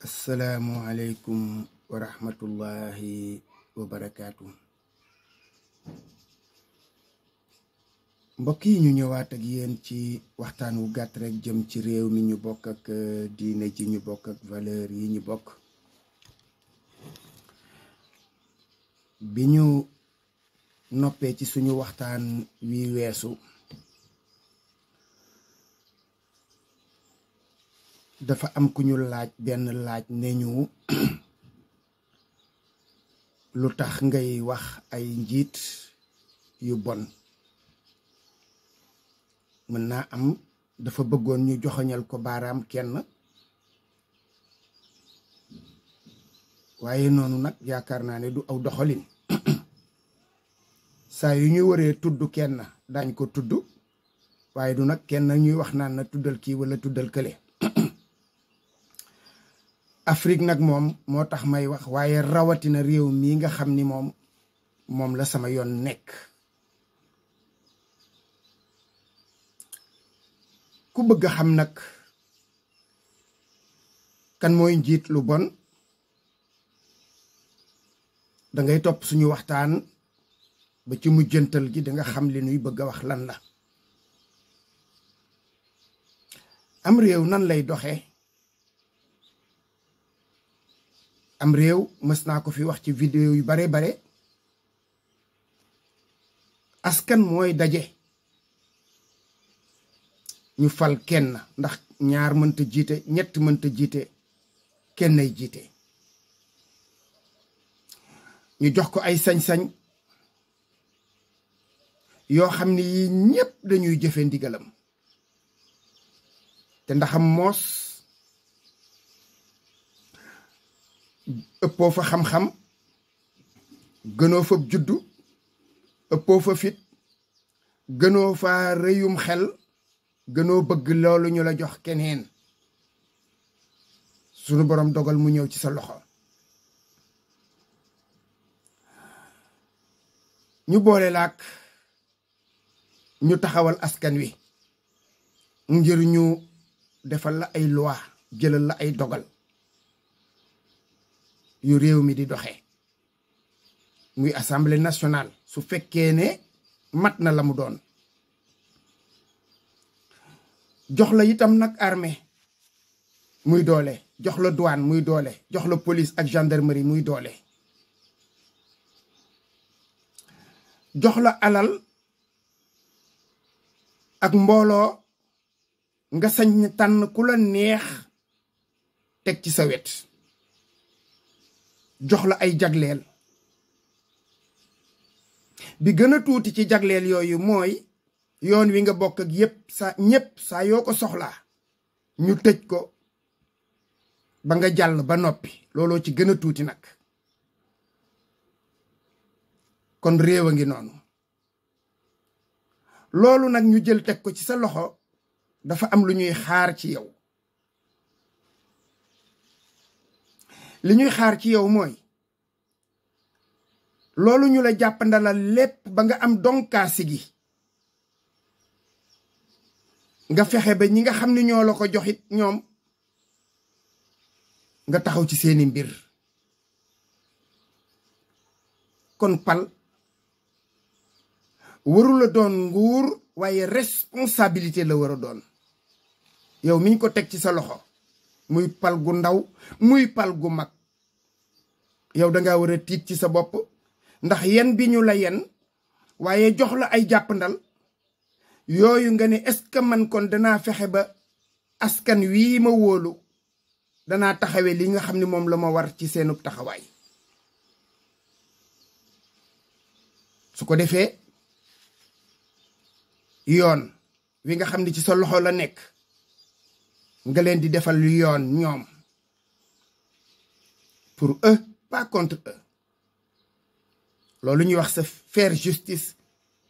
asalaamualeykum wa rahmatullahi wa barakaatu mbokk yi ñu ñëwaat ak yéen ci waxtaan wu gàtt rek jëm ci réew mi ñu bokk ak euh, diine ñu bokk ak valeur yi ñu bokk bi ñu noppee ci suñu waxtaan wi weesu dafa am ku ñu laaj benn laaj ne ñu lu tax ngay wax ay njiit yu bon mën naa am dafa bëggoon ñu joxoñal ko baaraam kenn waaye noonu nag yaakaar naa ne du aw doxalin saa yu ñu waree tudd kenn daañ ko tudd waaye du nag kenn ñuy wax naan na tuddal kii walla tuddal kële Afrique nag moom moo tax may wax waaye rawatina réew mii nga xam ni moom moom la sama yoon nekk ku bëgg a xam nag kan mooy njiit lu bon da ngay topp suñu waxtaan ba ci mujjantal gi danga xam li nuy bëgg a wax lan la am réew nan lay doxe am réew mës naa ko fi wax ci vidéo yu bare bare askan mooy daje ñu fal kenn ndax ñaar mënta jiite ñett mënta jiite kennay jiite ñu jox ko ay sañ-sañ yoo xam ni yii ñépp dañuy jëfe ndigalam te ndaxam moos ëppoo fa xam-xam gënoo fa juddu ëppoo fa fit gënoo fa rëyum xel gënoo bëgg loolu ñu la jox keneen sunu boroom dogal mu ñëw ci sa loxo ñu boole laak ñu taxawal askan wi ngir ñu defal la ay loi jëlal la ay dogal yu réew mi di doxe muy assemblée nationale su fekkee ne mat na la mu doon jox la itam nag armée muy doole jox la douane muy doole jox la police ak gendarmerie muy doole jox la alal ak mbooloo nga sañ tànn ku la neex teg ci sa wet jox la ay jagleel bi gën a tuuti ci jagleel yooyu mooy yoon wi nga bokk ak yépp ñépp saa yoo ko soxlaa ñu tëj ko ba nga jàll ba noppi looloo ci gën a tuuti nag kon réew a ngi noonu loolu nag ñu jël teg ko ci sa loxo dafa am lu ñuy xaar ci yow li ñuy xaar ci yow mooy loolu ñu la jàppandalal lépp ba nga am donkaasi gi nga fexe ba ñi nga xam ni ñoo la ko joxit ñoom nga taxaw ci seeni mbir kon pal warula doon nguur waaye responsabilité la war a doon yow miñ ko teg ci sa loxo muy pal gu ndaw muy pal gu mag yow danga war a tiit ci sa bopp ndax yenn bi ñu la yen waaye jox la ay jàppandal yooyu nga ne est-ce que man kon danaa fexe ba askan wii ma wóolu danaa taxawe li nga xam ni moom la ma war ci seenub taxawaay su ko defee yoon wi nga xam ne ci sa loxo la nekk nga leen di defal lu yoon ñoom pour eux pas contre eux loolu ñuy wax se faire justice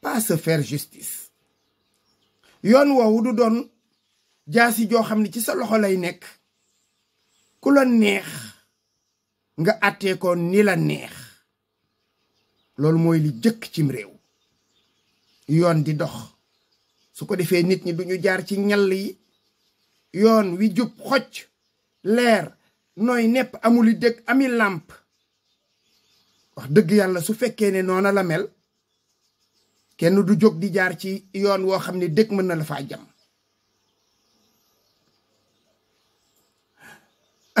pas se faire justice yoon woowu du doon jaasi joo xam ne ci sa loxo lay nekk ku la neex nga àttee ko ni la neex loolu mooy li jëkk cim réew yoon di dox su ko defee nit ñi duñu jaar ci ñall yi yoon wi jub xocc leer nooy nepp amuli dëkk ami làmp wax dëgg yàlla su fekkee ne noona la mel kenn du jóg di jaar ci yoon woo xam ne dëkk mën na la faa jam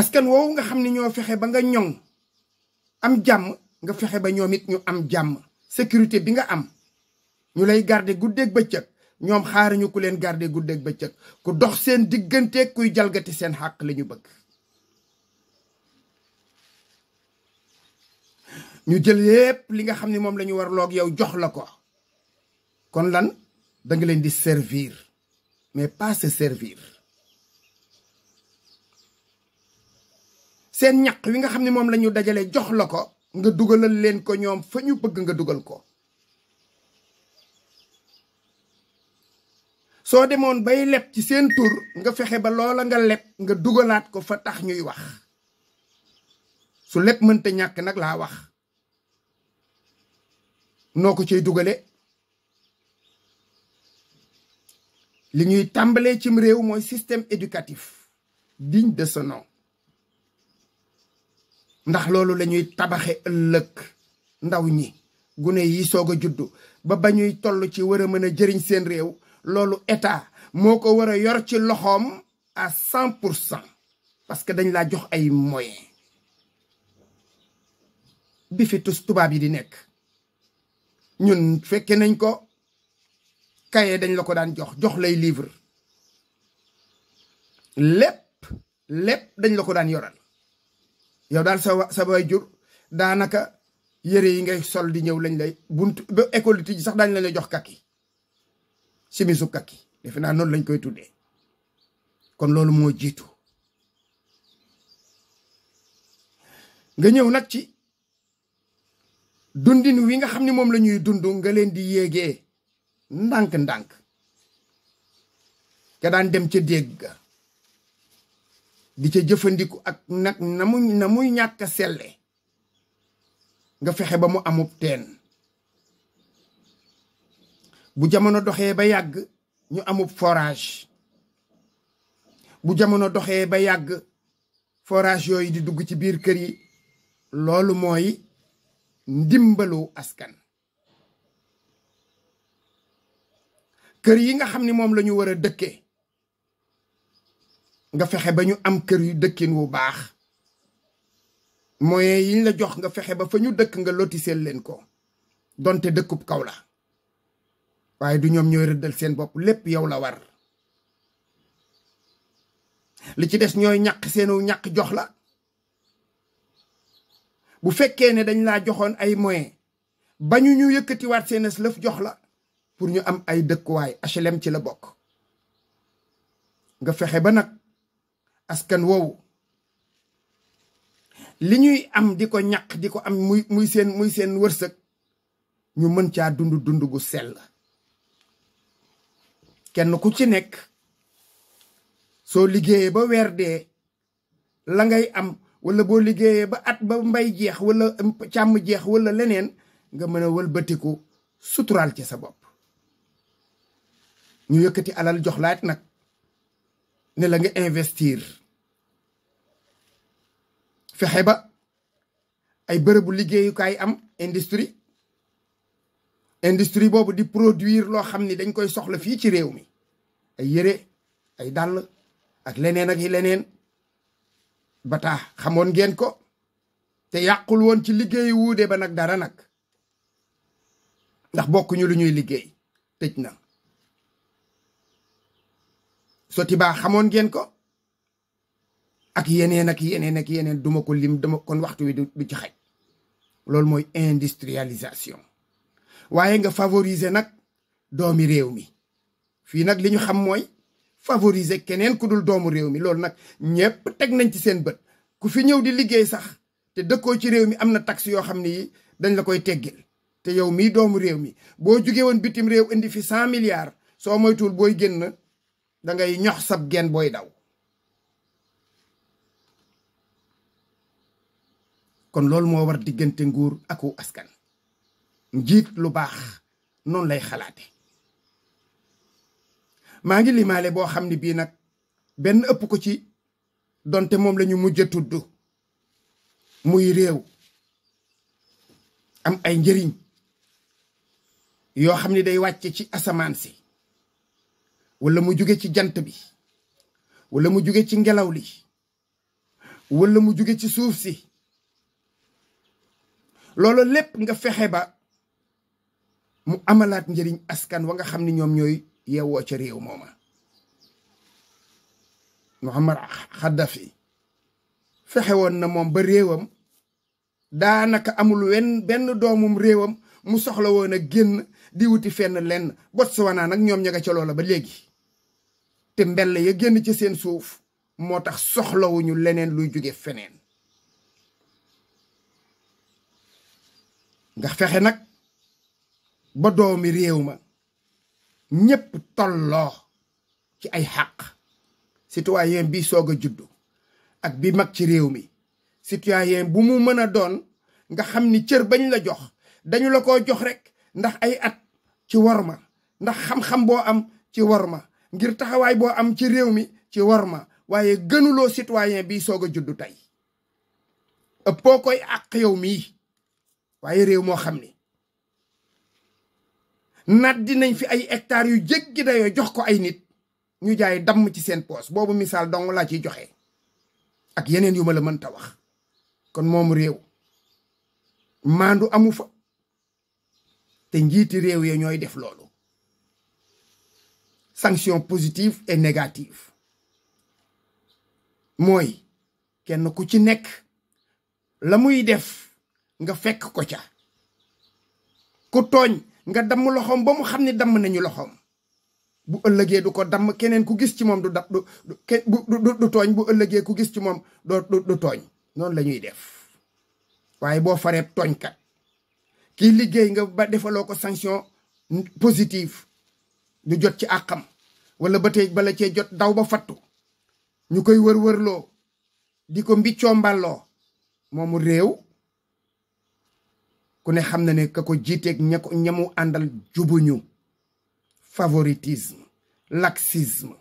askan woowu nga xam ni ñoo fexe ba nga ñoŋ am jàmm nga fexe ba ñoom it ñu am jàmm sécurité bi nga am ñu lay garder guddeeg bëccëg ñoom xaaruñu ku leen garde guddeeg bëccëg ku dox seen diggante kuy jalgati seen xàq la ñu bëgg ñu jël yépp li nga xam ni moom lañu war loog yow jox la ko kon lan da nga leen di servir mais pas se servir seen ñaq wi nga xam ne moom lañu ñu dajale jox la ko nga dugalal leen ko ñoom fa ñu bëgg nga dugal ko soo demoon bay leb ci seen tur nga fexe ba loola nga leb nga dugalaat ko fa tax ñuy wax su leb mënta ñàkk nag laa wax noo ko ciy dugale li ñuy tàmbalee cim réew mooy système éducatif digne de ce ndax loolu lañuy ñuy tabaxe ëllëg ndaw ñi gune yi soog a juddu ba ba ñuy tollu ci war a mën a jëriñ seen réew loolu état moo ko war a yor ci loxoom à cent pour cent parce que dañ laa jox ay moyens bi fi tus tubaab yi di nekk ñun fekke nañ ko kaye dañ la ko daan jox jox lay livre lépp lépp dañ la ko daan yoral yow daal sa sa bay jur daanaka yére yi ngay sol di ñëw lañ lay bunt ba école de tij sax daañ la lay jox kaki simisu kaki defe naa noonu lañ koy tuddee kon loolu moo jiitu nga ñëw nag ci dundin wi nga xam ne moom lañuy ñuy dund nga leen di yéegee ndànk-ndànk ka daan dem ca déeg ga di ca jëfandiku ak nag na mu na muy ñàkk nga fexe ba mu amub teen bu jamono doxee ba yàgg ñu amub forage bu jamono doxee ba yàgg forage yooyu di dugg ci biir kër yi loolu mooy ndimbalu askan kër yi nga xam ni moom lañu war a dëkkee nga fexe ba ñu am kër yu dëkkin wu baax moyens yiñ la jox nga fexe ba fa ñu dëkk nga lotiseel leen ko donte dëkkub kaw waaye du ñoom ñooy rëddal seen bopp lépp yow la war li ci des ñooy ñàkk seenu ñàkk jox la bu fekkee ne dañ laa joxoon ay moyens bañu ñu yëkkatiwaat seen lëf jox la pour ñu am ay dëkkuwaay HLM ci la bokk nga fexe ba nag askan woowu li ñuy am di ko ñàkk di ko am muy muy seen muy seen wërsëg ñu mën caa dund dund gu sell kenn ku ci nekk soo liggéeyee ba weer dee la ngay am walla boo liggéeyee ba at ba mbay jeex wala càmm jeex wala leneen nga mën a wëlbatiku suturaal ci sa bopp ñu yëkkati alal jox laat nag ne la nga investir fexe ba ay bërëbu liggéeyukaay am industrie industrie boobu di produire loo xam ni dañ koy soxla fii ci réew mi ay yére ay dàll ak leneen ak yi leneen ba xamoon ngeen ko te yàqul woon ci liggéey wuude ba nag dara nag ndax bokkuñu lu ñuy liggéey tëj na Sotiba xamoon ngeen ko ak yeneen ak yeneen ak yeneen duma ko lim dama kon waxtu wi du ci xaj loolu mooy industrialisation waaye nga favoriser nag doomi réew mi fii nag li ñu xam mooy favoriser keneen ku dul doomu réew mi loolu nag ñépp teg nañ ci seen bët ku fi ñëw di liggéey sax te dëkkoo ci réew mi am na tax yoo xam ni yi dañ la koy teggil te yow mii doomu réew mi boo jugee woon bitim réew indi fi cent milliards soo moytuwul booy génn da ngay ñox sab genn booy daw kon loolu moo war diggante nguur aku askan njiit lu baax noonu lay xalaate maa ngi limaale boo xam ne bii nag benn ëpp ko ci donte moom lañu mujj a muy réew am ay njëriñ yoo xam ni day wàcce ci asamaan si wala mu jóge ci jant bi wala mu jóge ci ngelaw li wala mu jóge ci suuf si loolu lépp nga fexe ba mu amalaat njëriñ askan wa nga xam ni ñoom ñooy yeewoo ca réew mooma Muammar Xaddafi fexe woon na moom ba réewam daanaka amul wenn benn doomum réewam mu soxla woon a génn di wuti fenn lenn Botswana nag ñoom ña ca loola ba léegi te mbell ya génn ca seen suuf moo tax soxlawuñu leneen luy jóge feneen nga fexe nag ba doomi réew ma ñépp tolloo ci ay xàq citoyen bi soog a juddu ak bi mag ci réew mi citoyen bu mu mën a doon nga xam ni cër bañ la jox dañu la ko jox rek ndax ay at ci war ma ndax xam-xam boo am ci war ma ngir taxawaay boo am ci réew mi ci war ma waaye gënuloo citoyen bi soog a juddu tey ëppoo koy àq yow mii waaye réew moo xam ni nat dinañ fi ay hectares yu jéggi dayoo jox ko ay nit ñu jaay damm ci seen poos boobu misaal dong laa ciy joxe ak yeneen yu ma la mënta wax kon moom réew maandu amu fa te njiiti réew ya ñooy def loolu sanction positive et négative mooy kenn ku ci nekk la muy def nga fekk ko ca ku tooñ nga damm loxoom ba mu xam ni damm nañu loxoom bu ëllëgee du ko damm keneen ku gis ci moom du dab du du tooñ bu ëllëgee ku gis ci moom doo du tooñ noonu lañuy def waaye boo fareeb tooñkat kii liggéey nga ba defaloo ko sanction positive du jot ci àqam wala ba tey bala cee jot daw ba fattu ñu koy wër-wërloo di ko mbiccoo mbàlloo moomu réew ku ne xam na ne ka ko jiiteeg ña ko àndal jubuñu favoritisme laxisme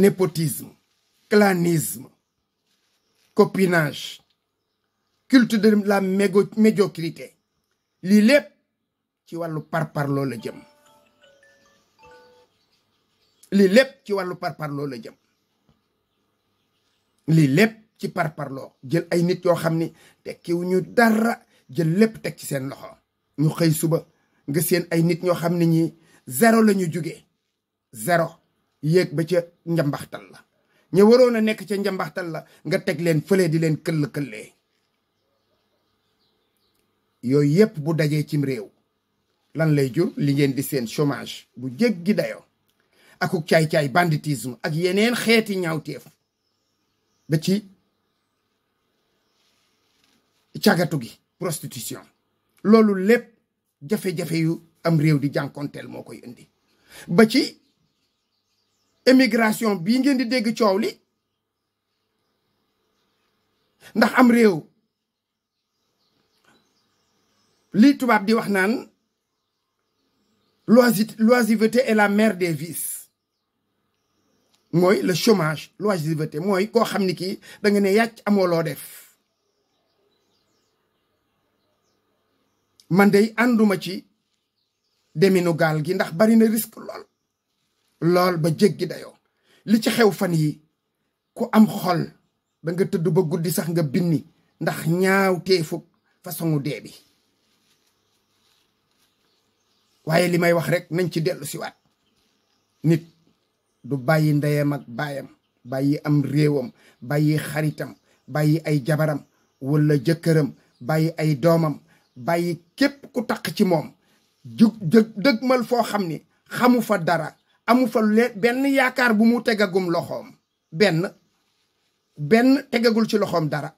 népotisme clanisme copinage culte de la mégo médiocrité lii lépp ci wàllu parparloo la jëm lii lépp ci wàllu parparloo la jëm lii lépp ci parparloo jël ay nit yoo xam ni tekkiwuñu dara jël lépp teg ci seen loxo ñu xëy suba nga seen ay nit ñoo xam ne ñi zero lañu ñu jugee zéro yéeg ba ca njambaxtal la ña waroon a nekk ca njambaxtal la nga teg leen fële di leen këll-këllee yooyu yépp bu dajee cim réew lan lay jur li ngeen di seen chomage bu jéggi dayoo akuk cay caay banditisme ak yeneen xeeti ñaawteef ba ci cagatu gi prostitition loolu lépp jafe-jafe yu am réew di jànkonteel moo koy indi ba ci émigration bii ngeen di dégg coow li ndax am réew li tubaab di wax naan l'oisiveté et la mère des vices mooy le chômage l'oisiveté mooy koo xam ni kii da nga ne yàcc amoo loo def man dey ànduma ci deminu gaal gi ndax bari na risque lool lool ba jéggi dayoo li ci xew fan yi ku am xol da nga tëdd ba guddi sax nga binni ndax ñaaw teefug façon dee bi waaye li may wax rek nañ ci dellu siwaat nit du bàyyi ndeyam ak baayam bàyyi am réewam bàyyi xaritam bàyyi ay jabaram walla jëkkëram bàyyi ay doomam bàyyi képp ku taq ci moom jug dëgmal foo xam ni xamu fa dara amu fa benn yaakaar bu mu tegagum loxoom benn benn tegagul ci loxoom dara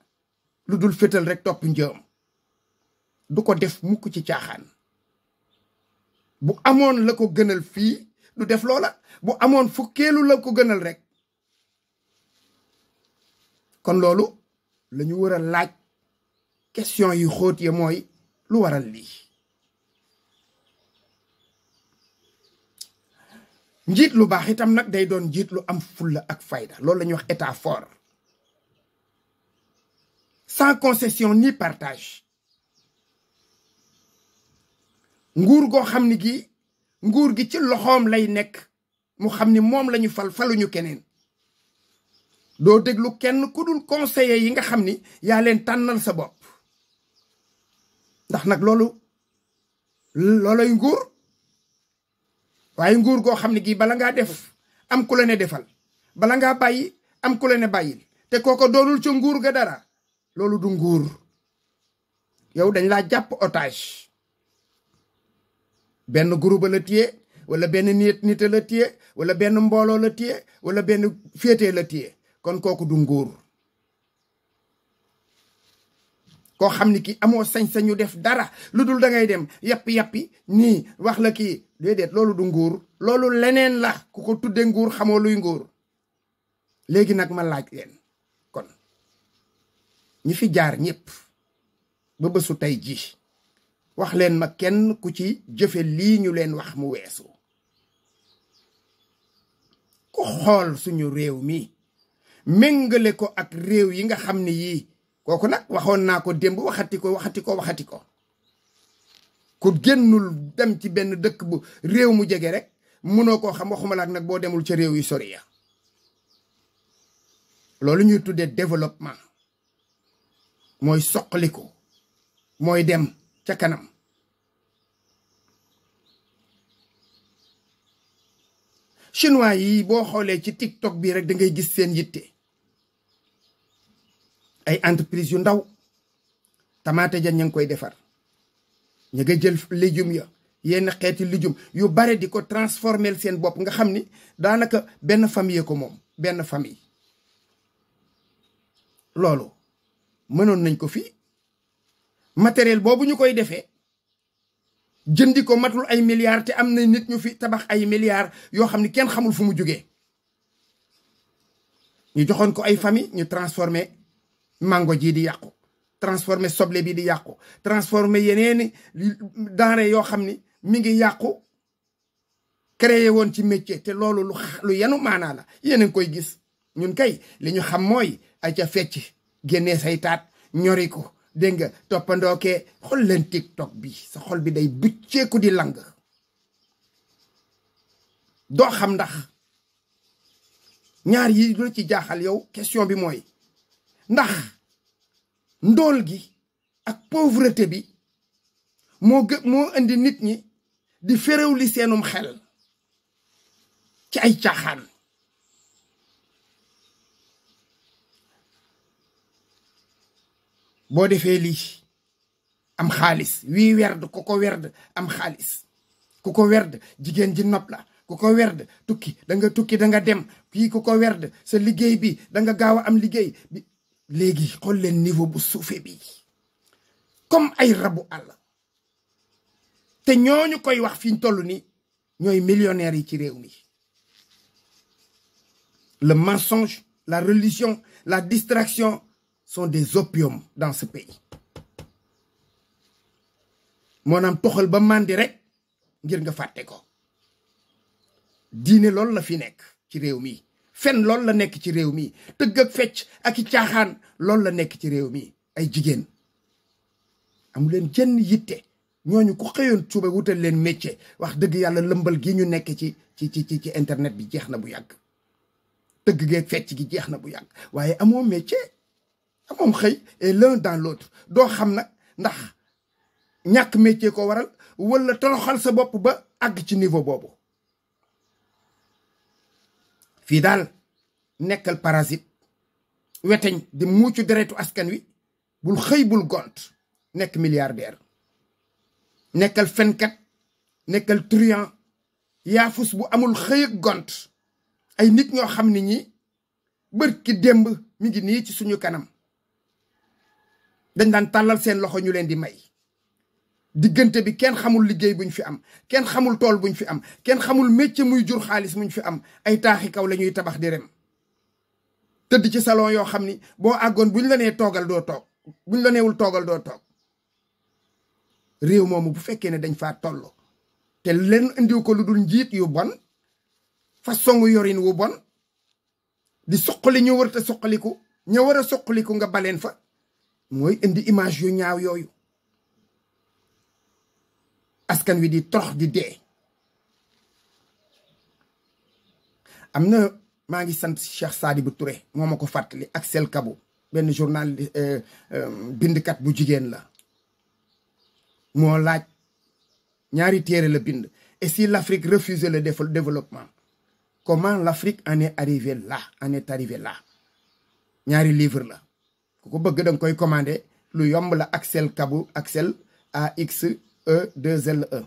lu dul fétal rek topp njëm du ko def mukk ci caaxaan bu amoon la ko gënal fii du def loola bu amoon fukkeelu la ko gënal rek kon loolu lañu war a laaj question yu xóot yi mooy lu waral lii njiit lu baax itam nag day doon njiit lu am fulla ak fayda loolu la wax état fort sans concession ni partage nguur goo xam ni gi nguur gi ci loxoom lay nekk mu xam ni moom lañu ñu fal faluñu keneen doo déglu kenn ku dul conseiller yi nga xam ni yaa leen tànnal sa bopp ndax nag loolu looloy nguur waaye nguur goo xam ne gii bala ngaa def am ku la ne defal bala ngaa bàyyi am ku la ne bàyyil te kooko doonul ca nguur ga dara loolu du nguur yow dañ laa jàpp otage benn groupe la téye wala benn nit nite la téye wala benn mbooloo la téye wala benn féete la téye kon kooku du nguur koo xam ni kii amoo sañ-sañu def dara lu dul da ngay dem yàppi-yàppi nii wax la kii déedéet loolu du nguur loolu leneen la ku ko tudde nguur xamoo luy nguur léegi nag ma laaj leen kon ñi fi jaar ñépp ba bësu tey ji wax leen ma kenn ku ci jëfe lii ñu leen wax mu weesu ku xool suñu réew mi méngale ko ak réew yi nga xam ni yii kooku nag waxoon naa ko démb waxati ko waxati ko waxati ko ku génnul dem ci benn dëkk bu réew mu jege rek mënoo ko xam waxuma laak nag boo demul ca réew yu sori ya loolu ñuy tuddee développement mooy ko mooy dem ca kanam chinois yi boo xoolee ci tiktok bii rek da ngay gis seen yitte ay entreprise yu ndaw tamaate ja ña ngi koy defar ñu nga jël légumes ya yenn xeeti légumes yu bare di ko transformer seen bopp nga xam ni daanaka benn famille ko moom benn famille loolu mënoon nañ ko fii matériel boobu ñu koy defee jëndi ko matul ay milliards te am na nit ñu fi tabax ay milliards yoo xam ni kenn xamul fu mu jógee ñu joxoon ko ay famille ñu transformer mango jii di yàqu transformé soble bii di yàqu transformé yeneeni denrée yoo xam ni mi ngi yàqu créé woon ci métier te loolu lu lu yenu maanaa la koy gis ñun kay li ñu xam mooy ay ca fecc génnee say taat ñori ko dégg nga toppandookee xool leen tiktok bi sa xol bi day bucceeku di lang doo xam ndax ñaar yi lu ci jaaxal yow question bi mooy ndax ndool gi ak povreté bi moo gë moo indi nit ñi di féréw li seenum xel ci ay caaxaan boo defee lii am xaalis wii werd ku ko werd am xaalis ku ko werd jigéen ji nopp la ku ko werd tukki danga tukki danga dem kii ku ko werd sa liggéey bi danga gaaw a am liggéey léegi xool leen niveau bu suufee bi comme ay rabu àll te ñooñu koy wax fi ñu toll ni ñooy millionnaires yi ci réew mi le mensonge la religion la distraction sont des opiums dans ce pays moo naam ba màndi rek ngir nga fàtte ko diine loolu la fi nekk ci réew mi fenn loolu la nekk ci réew mi tëgg ak fecc ak i caaxaan loolu la nekk ci réew mi ay jigéen amu leen jenn yitte ñooñu ku xëyoon suba wutal leen métier wax dëgg yàlla lëmbal gi ñu nekk ci ci ci ci internet bi jeex na bu yàgg tëgg geeg fecc gi jeex na bu yàgg waaye amoo métier amoom xëy et l'un dans l'autre doo xam nag ndax ñàkk métier ko waral wala toroxal sa bopp ba àgg ci niveau boobu fii daal nekkal parasite weteñ di muucu deretu askan wi bul xëy bul gont nekk milliardaire nekkal fenkat nekkal trian yaafus bu amul xëy gont ay nit ñoo xam ne ñi bërki démb mi ngi nii ci suñu kanam dañ daan tàllal seen loxo ñu leen di may diggante bi kenn xamul liggéey buñ fi am kenn xamul tool buñ fi am kenn xamul métier muy jur xaalis muñ fi am ay taaxi kaw la ñuy tabax di rem tëdd ci salon yoo xam ni boo àggoon buñ la nee toogal doo toog buñ la neewul toogal doo toog réew moomu bu fekkee ne dañ fa toll te lenn indiw ko lu dul njiit yu bon façon yorin wu bon di suqali ñu wërta suqaliku ña war a suqaliku nga baleen fa mooy indi image yu ñaaw yooyu askan wi di torox di am na maa ngi sant Cheikh bu ture moo ma ko fàttali ak Sel Kabo benn journal euh, euh, bindkat bu jigéen la moo laaj ñaari téere la bind et si l'Afrique refusait le développement comment l'Afrique en est arrivée là ñaari livre la ku ko bëgg da koy commande lu yomb la Axel Kabou Axel AX E 2 L E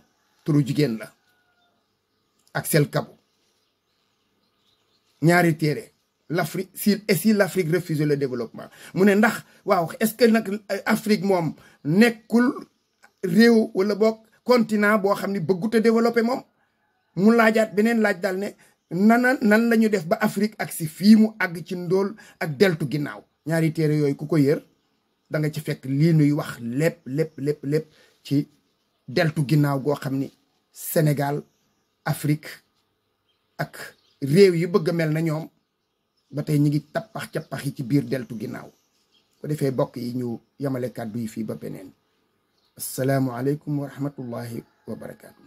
turu jigéen la ak sel kabu ñaari téere l'Afrique si et si l'Afrique refuse le développement mu ne ndax waaw est-ce que nag euh, Afrique moom nekkul réew walla boog continent boo xam ni bëggut a développé moom mu laajaat beneen laaj daal ne nana nan lañu def ba Afrique ak si fii mu àgg ci ndool ak deltu ginnaaw ñaari téere yooyu ku ko yër da ci fekk lii nuy wax lépp lépp lépp lépp ci deltu ginnaaw goo xam ni Sénégal Afrique ak réew yi bëgg a mel na ñoom ba tey ñu ngi tappax cappax yi ci biir deltu ginnaaw ko defee bokk yi ñu yamale kàddu yi fii ba beneen asalaamualeykum wa rahmatullahi wa barakaatu.